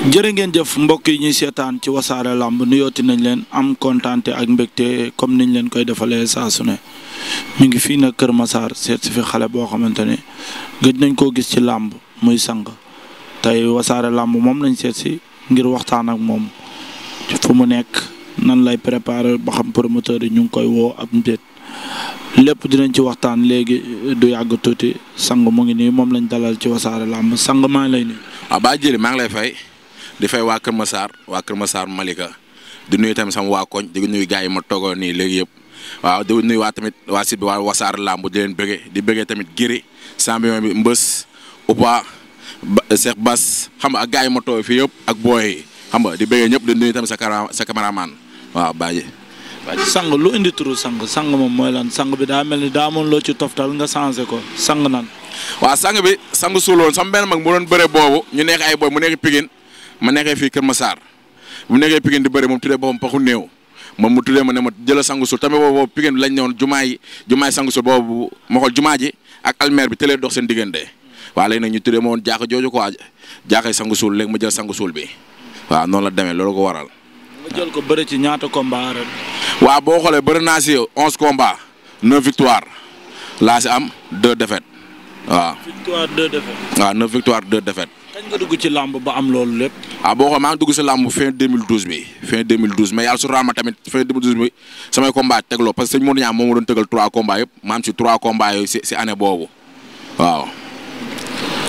jërë ngeen jëf mbokk yi ñuy seetaan ci wasaare làmb nuyooti nañ leen am kontaante ak mbégte comme niñ leen koy defalee saa su ne ñu ngi fii na Kër Massar seet si fi xale boo xamante ne gëj nañ koo gis ci làmb muy sang tey wasaare làmb moom lañ seet si ngir waxtaan ak moom fu mu nekk nan lay préparer ba xam promoteur yi ñu ngi koy woo ab mbét lépp dinañ ci waxtaan léegi du yàgg tuuti sang mu ngi nii moom lañ dalal ci wasaare làmb sang maa lay nii. Ah, waaw maa ngi lay fay. di fay waa Kër Massar waa Kër Massar Malika di nuyu tamit sama waa koñ di nuyu gars ma toogoon nii léegi yëpp waaw di nuyu waa tamit waa site bi waa Wassare Lamb di leen bëggee di bëggee tamit Giri champion bi Mbës Upa Cheikh Bass xam nga ak yi ma toog fi yëpp ak booy yi xam nga di bëggee ñëpp di nuyu tamit sa sa caméraman waaw Badji. Badji sang lu indi turu sang sang moom mooy lan sang bi daa mel ni daa amoon loo ci toftal nga changé ko sang nan. waaw sang bi sang suuloon sama benn mag mu doon bëre ma nekkee fii Kër Massar mu nekkee Pikine di bëri moom tuddee boppam paxu néew moom mu tuddee ma ne ma jëla sangu sul tamit boobu boobu Pikine lañ ñëwoon jumaa yi sangu sul boobu ma xool jumaa ji ak almeer bi tëlee dox seen diggante waaw léegi nag ñu tuddee ma woon jaaxa jooju quoi jaaxay sangu suul léegi ma jël sangu suul bi waaw noon la demee loolu ko waral. nga jël ko bëri ci ñaata combat ren. waaw boo xoolee bëri naa si onze combat neuf victoire laa si am deux défaites. waaw. victoire deux défaites. waaw neuf victoire deux défaites. ci làmb ba am loolu lépp. ah boo xoolee maa dugg si làmb fin 2012 bi fin 2012 mais yàlla su raama tamit fin 2012 bi samay combat tegloo parce que sëñ Modou Niang moom ma doon tegal trois combats yëpp ma am si trois combats yooyu si si année boobu waaw.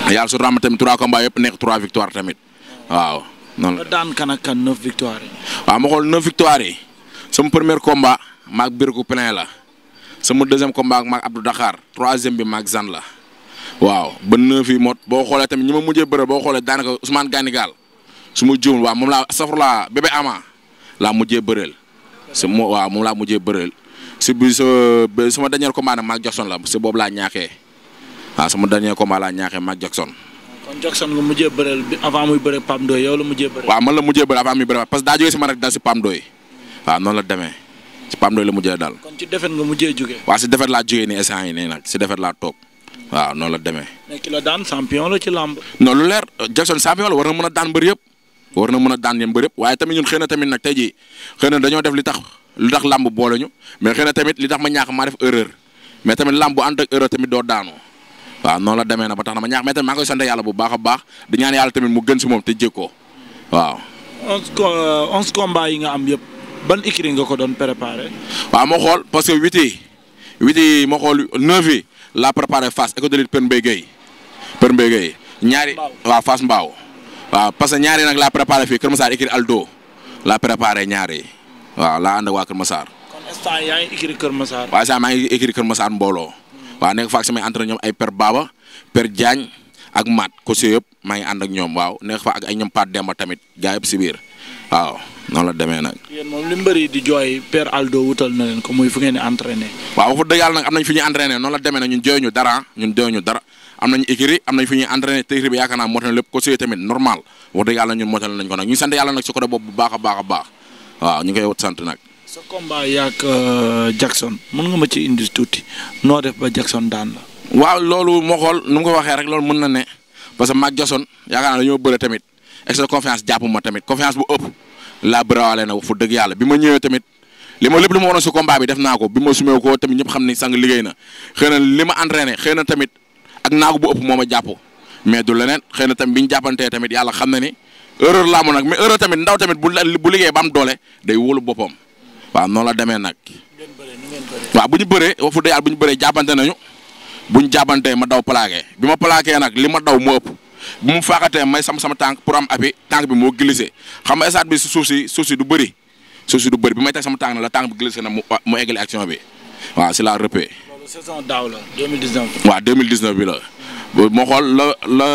yàlla su raama tamit trois combats yëpp nekk trois victoire tamit waaw. noonu la daan kan ak kan neuf victoire yi. waaw ma xool neuf victoire yi sama premier combat maag Birku Plein la sama deuxième combat maag Abdou Dakar troisième bi maag Zan la. waaw ba neuf yi mot boo xoolee tamit ñu ma mujjee bëre boo xoolee daanaka Ousmane Gandigal su ma juum waaw moom laa safurlaa laa mujjee bëreel laa mujjee bëreel si bi sa sama dernier combat nag Mac Jackson la laa ñaaxee waaw sama dernier combat laa ñaaxee Mac Jackson. kon Jackson lu mujjee bëreel bi avant muy bëre Pam Doy la mujjee bëreel. waaw man la mujjee bëreel avant muy bëre parce que daa jógee si man rek daal si Pam waaw noonu la demee si Pam Doy la mujjee daal. kon ci nga mujjee jógee. waaw si defet laa jógee nii instant laa toog. waaw noonu la demee. mais ki la daan champion la ci làmb. non lu leer Jackson champion la war na mën a daan mbër yëpp war na mën a daan waaye tamit ñun xëy na tamit nag tey ji xëy na dañoo def li tax li tax làmb boole ñu mais xëy na tamit li tax ma ñaax maa def erreur mais tamit lamb bu ànd ak erreur tamit doo daanoo waaw noonu la demee na ba tax na ma ñaax mais tamit maa koy sant yàlla bu baax a baax di ñaan yàlla tamit mu gën si moom te jékkoo waaw. onze euh, onze yi nga am yëpp ban écurie nga ko doon préparé. waaw xool parce que huit yi huit yi xool neuf yi la préparé face école de lutte Père Mbaye Gueye Père Mbaye ñaari waaw Fass Mbao waaw parce que ñaari nag la préparé fii Kër Massar écrit Aldo la préparé ñaari waaw laa ànd waa Kër Massar. kon instant maa ngi écrit Kër Massar mbooloo. waaw nekk fa ak samay entraîneur ñoom ay Père Baba Père Diagne ak Mat ko si maa ngi ànd ak ñoom waaw nekk fa ak ay ñoom Paat Demba tamit gaa yëpp si biir. waaw noonu la demee nag. yéen moom li mbër yi di jooy Père Aldo wutal na leen ko muy fu ngeen di entraîné. waaw wax dëgg nag am nañ fi ñuy entraîné noonu la demee nag ñun jooyuñu dara ñun jooyuñu dara am nañu écurie am nañ fi ñuy entraîné te écurie bi yaakaar naa tamit normal wax dëgg yàlla ñun motal nañ nag ñu sant yàlla nag si côté boobu baax a baax waaw ñu koy wat sant nag. sa combat yaak euh, Jackson mën nga ma ci indi tuuti noo def ba Jackson daan la. waaw loolu moo xool nu mu na ne excès de confiance jàpp tamit confiance bu ëpp laa bërawaale na fu dëgg yàlla bi ma ñëwee tamit li ma lépp li ma waroon si combat bi def naa ko bi ma sumee ko tamit ñëpp xam ni sang liggéey na xëy na li ma entraîné xëy na tamit ak naagu bu ëpp moo a jàpp mais du leneen xëy na tamit bi ñu jàppantee tamit yàlla xam na ni erreur laa nag mais erreur tamit ndaw tamit bu bu liggéey ba am doole day wóolu boppam waaw noonu la demee nag. waaw bu ñu bëree fu dëgg yàlla bu ñu bëree jàppante nañu bu ñu jàppantee ma daw plaqué bi ma plaqué nag li ma daw moo ëpp bi mu faaxatee may sam sama tànk pour am abi tànk bi moo glissé xam nga stade bi si suuf si suuf si du bëri suuf si du bëri bi may teg sama tànk na la tànk bi glissé na mu ah, mu eggale action bi waaw si la rëppee. loolu saison daaw la 2019. waaw 2019 bi la moo xool la la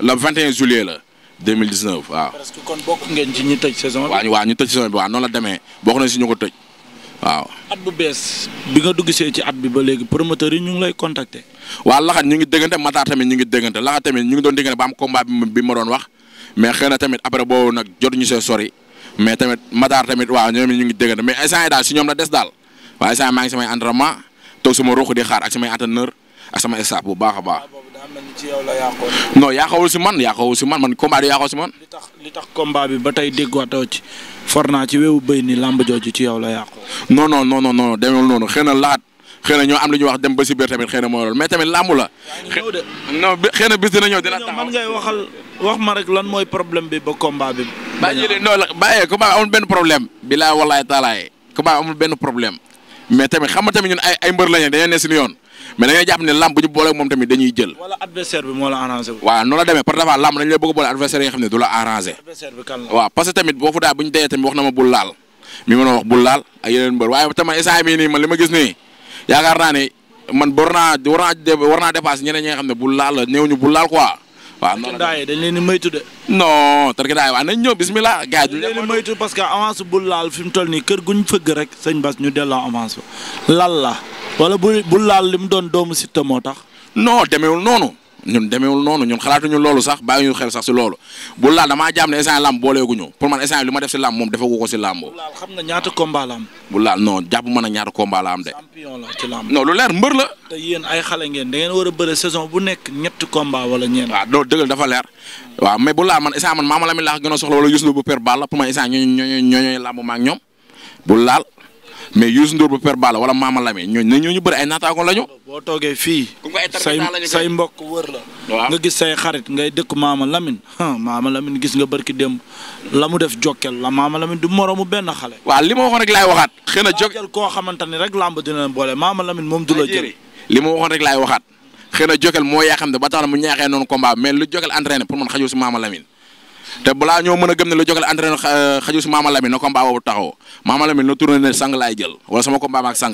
le la 2019 waaw. presque kon bokk ngeen ci ñu tëj saison bi. waaw ñu la demee bokk nañ si ñu ko tëj. waaw at bu bees bi nga dugg see ci at bi ba léegi promoteur yi ñu ngi lay contacter. waaw laxat ñu ngi déggante Matar tamit ñu ngi déggante laxat tamit ñu ngi doon déggante ba am combat bi ma doon wax mais xëy na tamit après boobu nag jotuñu see sori mais tamit Matar tamit waaw ñoom ñu ngi déggante mais instant yi daal si ñoom la des daal waaw instant maa ngi samay entraînement toog sama ruux di xaar ak samay entraîneur ak sama staff bu baax a baax. non yàqawul si man yàqawul si man man combat bi si man. li tax li tax combat bi ba tey déggootoo ci for naa ci wewu bay ni làmb jooju ci yow la yàqoo. non non no non non demewul noonu xëy na laat xëy na ñoo am lu ñuy wax dem ba si biir tamit xëy na mooy loolu mais tamit làmb la. non xëy na bis dina ñëw dina taxaw man ngay waxal wax ma rek lan mooy problème bi ba combat bi. ba jëlee non la bàyyee combat amul benn problème. bilaa walaay taalaay combat amul benn problème mais tamit xam nga tamit ñun ay ay mbër lañu dañoo ne suñu yoon mais da ngay jàpp ne lamb bu ñu booleeg moom tamit dañuy jël. wala adversaire la demee par exemple lamb dañu la bëgg a boole adversaire yi nga xam ne du la arrangé. adversaire bi kan la waaw fu daa bu ñu dee tamit wax na ma bul laal mi mën a wax bul laal ak mbër waaye tamit instant mii nii ma gis nii yaakaar naa man war naa war naa war xam ne bul laal la néew ñu bul laal quoi waaw noonu daay dañ leen di moytu de. non tarki daay waaw nañ ñëw bismillah gars yi. dañ leen di parce que avance bu laal fi mu toll nii kër guñ fëgg rek sañ bas ñu delloo avance ba. lan la wala bu bu laal li mu doon doomu Siteu moo tax. non demeewul noonu. ñun demeewul noonu ñun xalaatuñu loolu sax bàyyi ñu xel sax si loolu bu laal damaa jàpp ne instant làmb booleeguñu pour man instant li ma def si làmb moom defagu ko si làmb. bu la am. bu laal non jàpp ma ne ñaata combat la am de. champion la ci lu leer mbër la. ay xale ngeen da ngeen war a bëre saison bu nekk ñetti combat wala ñeent. waaw doo dëggal dafa leer waaw mais bu laal man instant man maama laax gën a soxla wala Youssou bu per baal la pour man instant ñooñu ñooñu ñooñu làmb ñoom bu laal mais Youssou Ndour bu per Balla wala Mama Lamine ñooñu ñooñu bëri ay naataango lañu. boo toogee fii. say say mbokk wër la. waaw nga gis say xarit ngay dëkk Mama Lamine ah Mama Lamine gis nga barki démb la mu def jokkel la Mama Lamine du moromu benn xale. waa li ma waxoon rek laay waxaat. xëy na jokkel koo xamante ni rek làmb dina leen boole Mama moom du la li ma waxoon laay waxaat xëy na jokkel moo yaa xam ne ba tax na mu ñaaxee noonu combat mais lu jokkel entraîné pour man xajul si Mama Lamine te balaa ñoo mën a gëm ne lu jokkale entraîné euh, xaju si Maama Lamine na combat boobu taxaw Maama Lamine na tourné ne sang laay jël wala sama combat ak sang.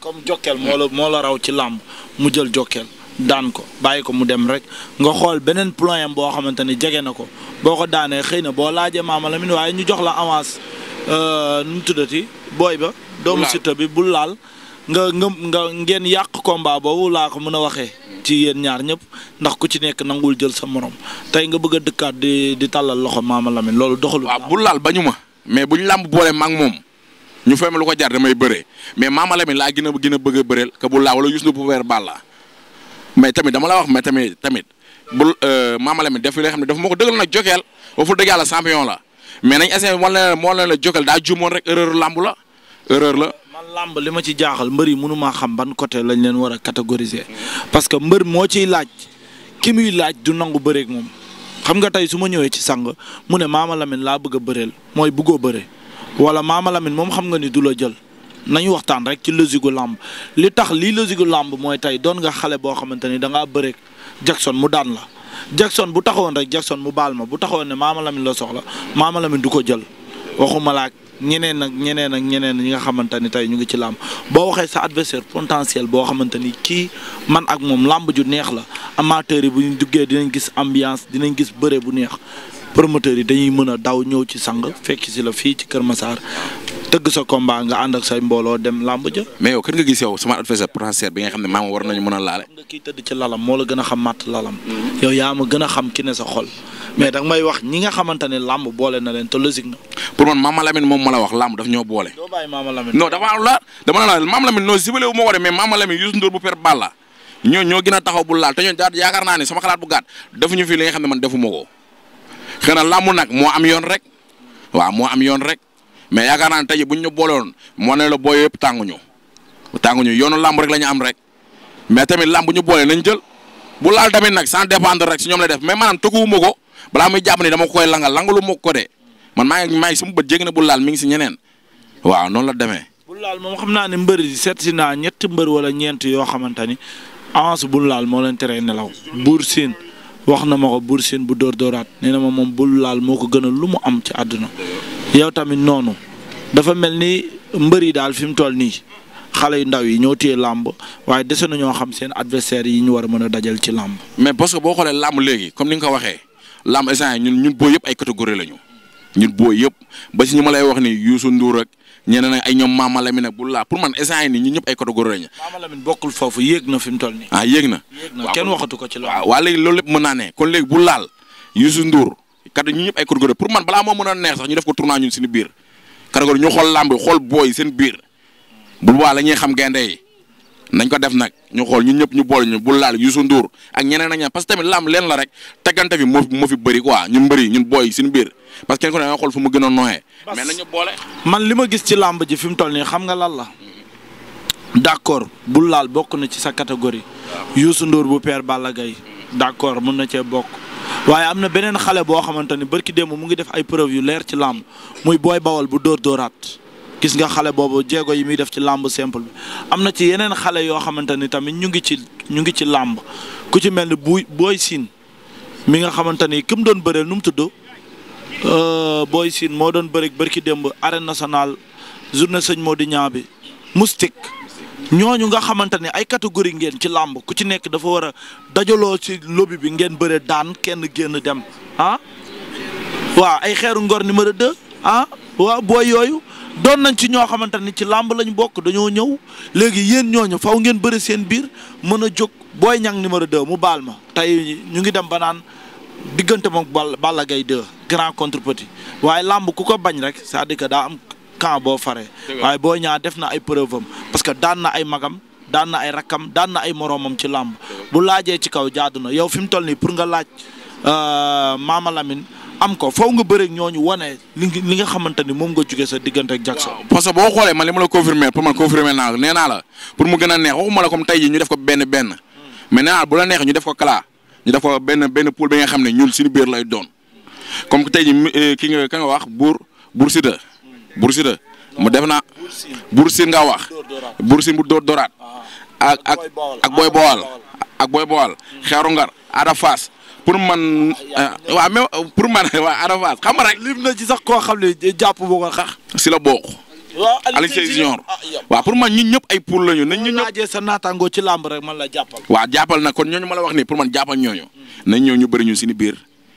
comme comme Jokal moo la raw ci làmb mu jël jokkeel daan ko bàyyi ko mu dem rek nga xool beneen plan boo xamante ni jege na ko boo ko daanee xëy na boo laajee Maama Lamine waaye ñu jox la avance euh, nu mu tuddati booy ba. doomu Siteu bi bul laal. nga nga nga ngeen yàq combat boobu laa ko mën a waxee ci yéen ñaar ñëpp ndax ku ci nekk nangul jël sa morom tey nga bëgg a dëkkaat di di tàllal loxo maama Lamine loolu doxalu. waaw bu laal bañu ma mais buñ làmb boole ma moom ñu fay ma lu ko jar damay bëree mais maama Lamine laa gën a gën a bëgg a bëreel que bu laa wala yus na bu weer baal laa mais tamit dama la wax mais tamit tamit bu euh, maama Lamine def li nga xam ne dafa ma ko dëggal nag jokeel ba fu dëgg yàlla champion la mais nañ essayé wan leen wan leen la jokeel daa juumoon rek erreur la erreur la làmb li ma ci jaaxal mbër yi mënumaa xam ban côté lañ leen war a catégoriser parce que mbër moo ciy laaj ki muy laaj du nangu bëreek moom xam nga tey su ma ñëwee ci sang mu ne maama Lamine laa bëgg a bëreel mooy buggoo bëre wala maama Lamine moom xam nga ni du la jël nañu waxtaan rek ci logique làmb li tax lii logique làmb mooy tey doon nga xale boo xamante ni da ngaa bëreeg Jackson mu daan la Jackson bu taxawoon rek Jackson mu baal ma bu taxawoon ne maama Lamine la soxla maama du ko jël. waxumala ak ñeneen ak ñeneen ak ñeneen ñi nga xamante ni tey ñu ngi ci làmp boo waxee sa adversaire potentiel boo xamante ni kii man ak moom làmb ju neex la amateur yi bu ñu duggee dinañ gis ambiance dinañ gis bëre bu neex promoteurs yi dañuy mën a daw ñëw ci sang fekk si la fii ci Kër Massar tëgg sa combat nga ànd ak mbooloo dem làmb ja mais yow kan nga gis yow sama adversaire potentiel bi nga xam ne maama war nañu mën a laale moo la gën a xam màtt a sa xol mais danga may wax ñi nga xamante làmb boole leen te logique na pour man maama Lamine moom ma la wax làmb daf ñoo boole doo bàyyi maama Lamine non dafa la dama la maama Lamine non sibale wu ko de mais maama Lamine Youssou Ndour bu per balla ñoo ñoo gën a taxaw bu laal te ñoo yaakaar naa ne sama mais yaakaar naa ne tey buñ ñu boolewoon moo ne la booy yëpp tànguñu ñu yoonu làmb rek la ñu am rek mais tamit lambu ñu boole nañ jël bu laal tamit nag sans dépendre rek si ñoom la def mais maanaam tëgguwuma ko balaa muy jàpp ni dama koy langal langalu ma ko de man maa ngi maa ngi na bu laal mi ngi si ñeneen waaw noonu la demee. bu laal moom xam naa ne mbër yi seet si naa ñetti mbër wala ñeent yoo xamante ni avance bu laal moo leen teree nelaw buur siin wax na ma ko buur siin bu dóor dóoraat nee na ma moom bu laal moo ko gënal lu mu am ci àdduna yow tamit noonu dafa mel ni mbër yi daal fi mu toll nii xale yu ndaw yi ñoo téye làmb waaye dese na ñoo xam seen adversaire yi ñu war a mën a dajal ci làmb. mais parce que boo xoolee làmb léegi comme ni nga ko waxee làmb instant ñun ñun booy yëpp ay catégorie lañu ñun booy yëpp ba si ñu ma lay wax nii ni nduur Ndour ak ñeneen ay ñoom Mama Lamine ak Boulla pour man instant yi nii ñun ñëpp ay catégorie lañu. Mama Lamine bokkul foofu yéeg na fi mu toll nii. ah yéeg na. yéeg kenn waxatu ko ci loolu. Ah, waaw lépp mën naa ne kon léegi bu laal Youssou Ndour catégorie ñu ñëpp ay catégorie pour man balaa moo mën a neex sax ñu def ko tournoi ñun suñu biir catégorie ñu xool làmb xool booy seen biir bu boobaa la ñuy xam gaynde yi nañ ko def nag ñu xool ñu ñëpp ñu boole ñu bul laal Youssou nduur ak ñeneen a ñeneen parce que tamit làmb leen la rek teggante fi moo moo fi bëri quoi ñun bëri ñun booy suñu biir parce que kenn ku ne nga xool fu mu gën a nooyee. mais nañu boole. man li ma gis ci làmb ji fi mu toll nii xam nga lan la. d'accord bu laal bokk na ci sa catégorie. Youssou Ndour bu Père Balla Gaye d'accord mën na cee bokk. waaye am na beneen xale boo xamante ni barki démb mu ngi def ay preuve yu leer ci làmb muy booy bawal bu dóor dóoraat gis nga xale boobu jéego yi muy def ci làmb simple bi am na ci yeneen xale yoo xamante ni tamit ñu ngi ci ñu ngi ci làmb ku ci mel ni buy booy siin mi nga xamante ni ki doon bëreel nu mu tudd euh, booy siin moo doon bëreeg barki démb arène nationale journée sëñ Modou Niang bi moustique. ñooñu nga xamante ne ay catégorie ngeen ci làmb ku ci nekk dafa war a dajaloo ci lobby bi ngeen bëre daan kenn génn dem ah waaw ay xeeru ngor numéro 2 ah waaw booy yooyu doon nañ ci ñoo xamante ni ci làmb lañ bokk dañoo ñëw léegi yéen ñooñu faw ngeen bëri seen biir mën a jóg booy ñang numéro 2 mu baal ma tey ñu ngi dem ba naan diggante moom Balla Gaye 2 grand contre waaye làmb ku ko bañ rek cest à daa am camp boo faree. waaye Boy Niang def na ay preuve am parce que daan na ay magam daan na ay rakkam daan na ay moroomam ci làmb bu laajee ci kaw jaadu yow fi mu toll nii pour nga laaj euh, a Lamine am ko foo nga bëreeg ñooñu wane li li nga xamante ni moom nga jugee sa diggante ak Jackson. parce que boo xoolee man li ma la confirmer pour man confirmer naa nee la pour mu gën a neex waxuma la comme tey ñu def ko benn benn hmm. mais nee la bu la neexee ñu def ko kala ñu def ne ñun suñu biir lay doon comme tey jii eh, Bur Siteu mu def naa Bur Siteu nga wax Bur Siteu bu dóor dóoraat ak ak ak Boy Bawal ak Boy Bawal Xeeru Ada Fass pour man eh, waaw même pour man waa Ada Fass xam rek. lim na ci sax koo xam ne jàpp boo ko xax si la bokk. waaw Alioune Seye junior ah, man ñun ñëpp ay pour la ñu. nañ ñu sa naataangoo ci làmb man la jàppal. waaw jàppal na kon ñooñu ma la wax nii pour man jàppal ñooñu. nañ ñëw ñu bëri ñu biir.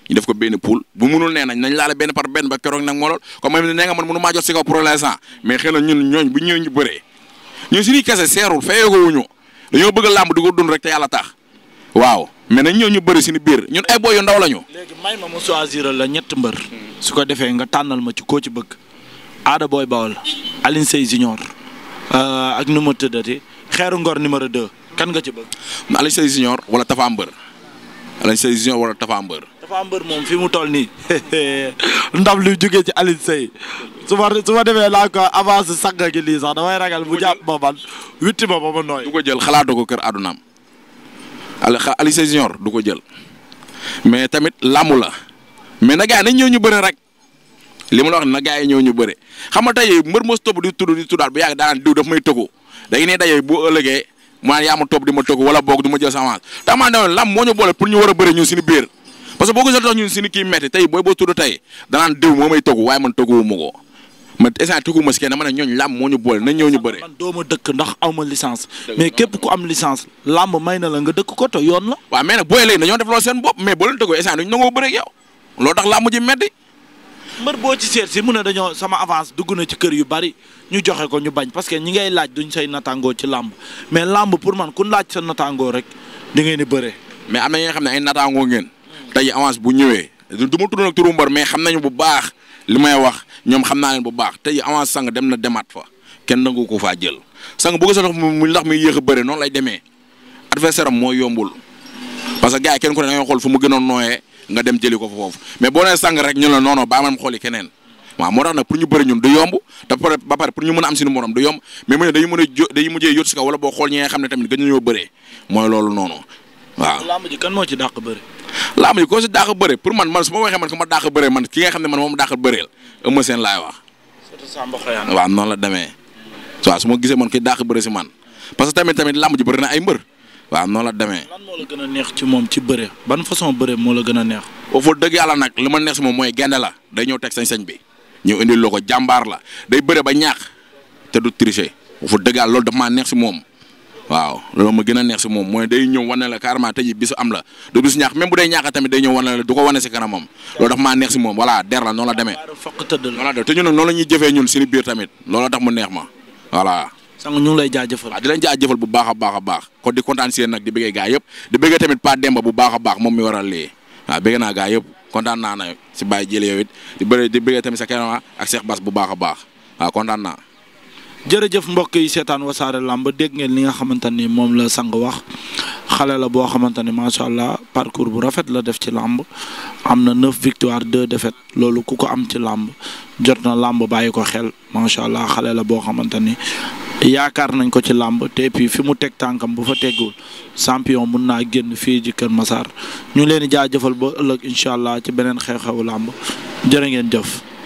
ñu def ko benn pool bu munul nee nañ nañ laale benn par benn ba keroog nag moo lool comme même nee nga man mënu mais xëy na ñun ñooñ bu ñëwee ñu bëree ñu suñuy kese seerul feyeekowuñu dañoo bëgg làmb di ko dund rek te yàlla tax waaw mais nañ ñëw ñu bëri suñu biir ñun ay boy yu ndaw lañu. léegi may ma mu choisir la ñett mbër. su ko defee nga tànnal ma ci koo ci bëgg. Ada Boy Baol Alioune Seye Junior euh, ak nu ma tëddati Xeeru Ngor numéro 2 kan nga ci bëgg. Alioune Seye wala Tafa Mbër Alioune Seye Junior wala Tafa Mbër dafa mbër moom fi mu toll nii ndam lu jógee ci Alioune Seye su ma su ma demee laa ko avance sànq gi lii sax damay ragal bu jàpp ma man ma ba ma nooy. du ko jël xalaatu ko kër àddunaam Aliou Alioune Seye junior du ko jël mais tamit lamu la mais na gars yi nañ ñëw ñu bëre rek li ma la wax na gars yi ñëw ñu bëre xam nga tey mbër mos topp di tudd di tuddaat bu yàgg daanaan diw daf may tëggu da ngay ne daje bu ëllëgee mu naan yaa ma topp di ma tëggu wala boog du ma jël sama tax maa ne pour ñu war a bëre ñun suñu biir parce que boo gisee tax ñun suñu kii metti tey booy boo tudd tey danaan diw moo may togg waaye man togguwu ko man instant togguwu si kenn dama ne ñooñu làmb moo ñu boole nañ ñëw ñu bëre. man doo ma dëkk ndax aw ma licence. mais am licence làmb may na la nga dëkk ko te yoon la. waaw mais nag booy léegi dañoo def loolu seen bopp mais boo boo ci seet si mu ne dañoo sama avance dugg na ci kër yu bari ñu joxe ko ñu bañ parce que ñi ngay laaj duñ say natangoo ci làmb mais làmb pour man ku laaj sa natangoo rek di ngeen mais am na ñi xam ne ay natangoo ngeen tey avance bu ñëwee du ma tudd nag xam nañu bu baax li may wax ñoom xam naa leen bu baax tey avance sang dem na demaat fa kenn nangu ko faa jël sang bu ko soxla mu ndax muy yéex a bëre noonu lay demee adversaire am mooy ko foofu mais boo non non ba am xooli keneen. waaw moo tax nag pour ñu bëri ñun ba pare pour ñu mën a am suñu morom du yomb mais mu ne dañu mën a si kaw wala boo xool ñi xam ne tamit gën nañoo bëree mooy loolu noonu waaw. làmb ji kan moo ci dàq bëri. laama yi koo si daax a bëre pour man su ma waxee man ko ma daax a bëre man ki nga xam ne man moom daax a bëreel Eumeu Sène laay wax waaw noon la demee waaw su ma gisee man ki daax a bëre si man parce que tamit tamit lamb ji bëri na ay mbër waaw noonu la demee lan gën a neex ci moom ci bëre ban façon bëre moo la gën a neex boo fa dëgg yàlla nag li ma neex si moom mooy gaynde la day ñëw teg sañ-sañ bi ñëw indil loo ko jàmbaar la day bëre ba ñaax te du tricher boo fa loolu daf maa neex si moom waaw loolu ma gën a neex si moom mooy day ñëw wane la carrément tey bisu am la du bisu ñaax même bu day ñaax tamit day ñëw wane la du ko wane si kanamam loolu daf maa neex si moom voilà der la noonu la demee. voilà te ñun nag noonu la ñuy jëfee ñun suñu biir tamit loolu tax mu neex ma voilà. sang ñu ngi lay jaajëfal. waaw di leen jaajëfal bu baax a baax a baax kon di kontaan si yéen nag di bëggee gaa yëpp di bëggee tamit Pa Demba bu baax a baax moom mi waral lii waaw bëgg naa gaa yëpp kontaan naa na si bàyyi jële yow it di bëri di bëggee tamit sa kanam ak Cheikh Bass bu baax a baax waaw kontaan naa jërëjëf mbokk yi seetaan wasaare làmb dégg ngeen li nga xamante ni moom la sang wax xale la boo xamante ni macha allah parcours bu rafet la def ci làmb am na neuf victoire deux défaites loolu ku ko am ci làmb jot na làmb bàyyi ko xel macha allah xale la boo xamante ni yaakaar nañ ko ci làmb te puis fi mu teg tànkam bu fa teggul champion mun naa génn fii ci masaar Massar ñu leen di jaajëfal ba ëllëg incha allah ci beneen xew-xewu làmb jërë ngeen jëf.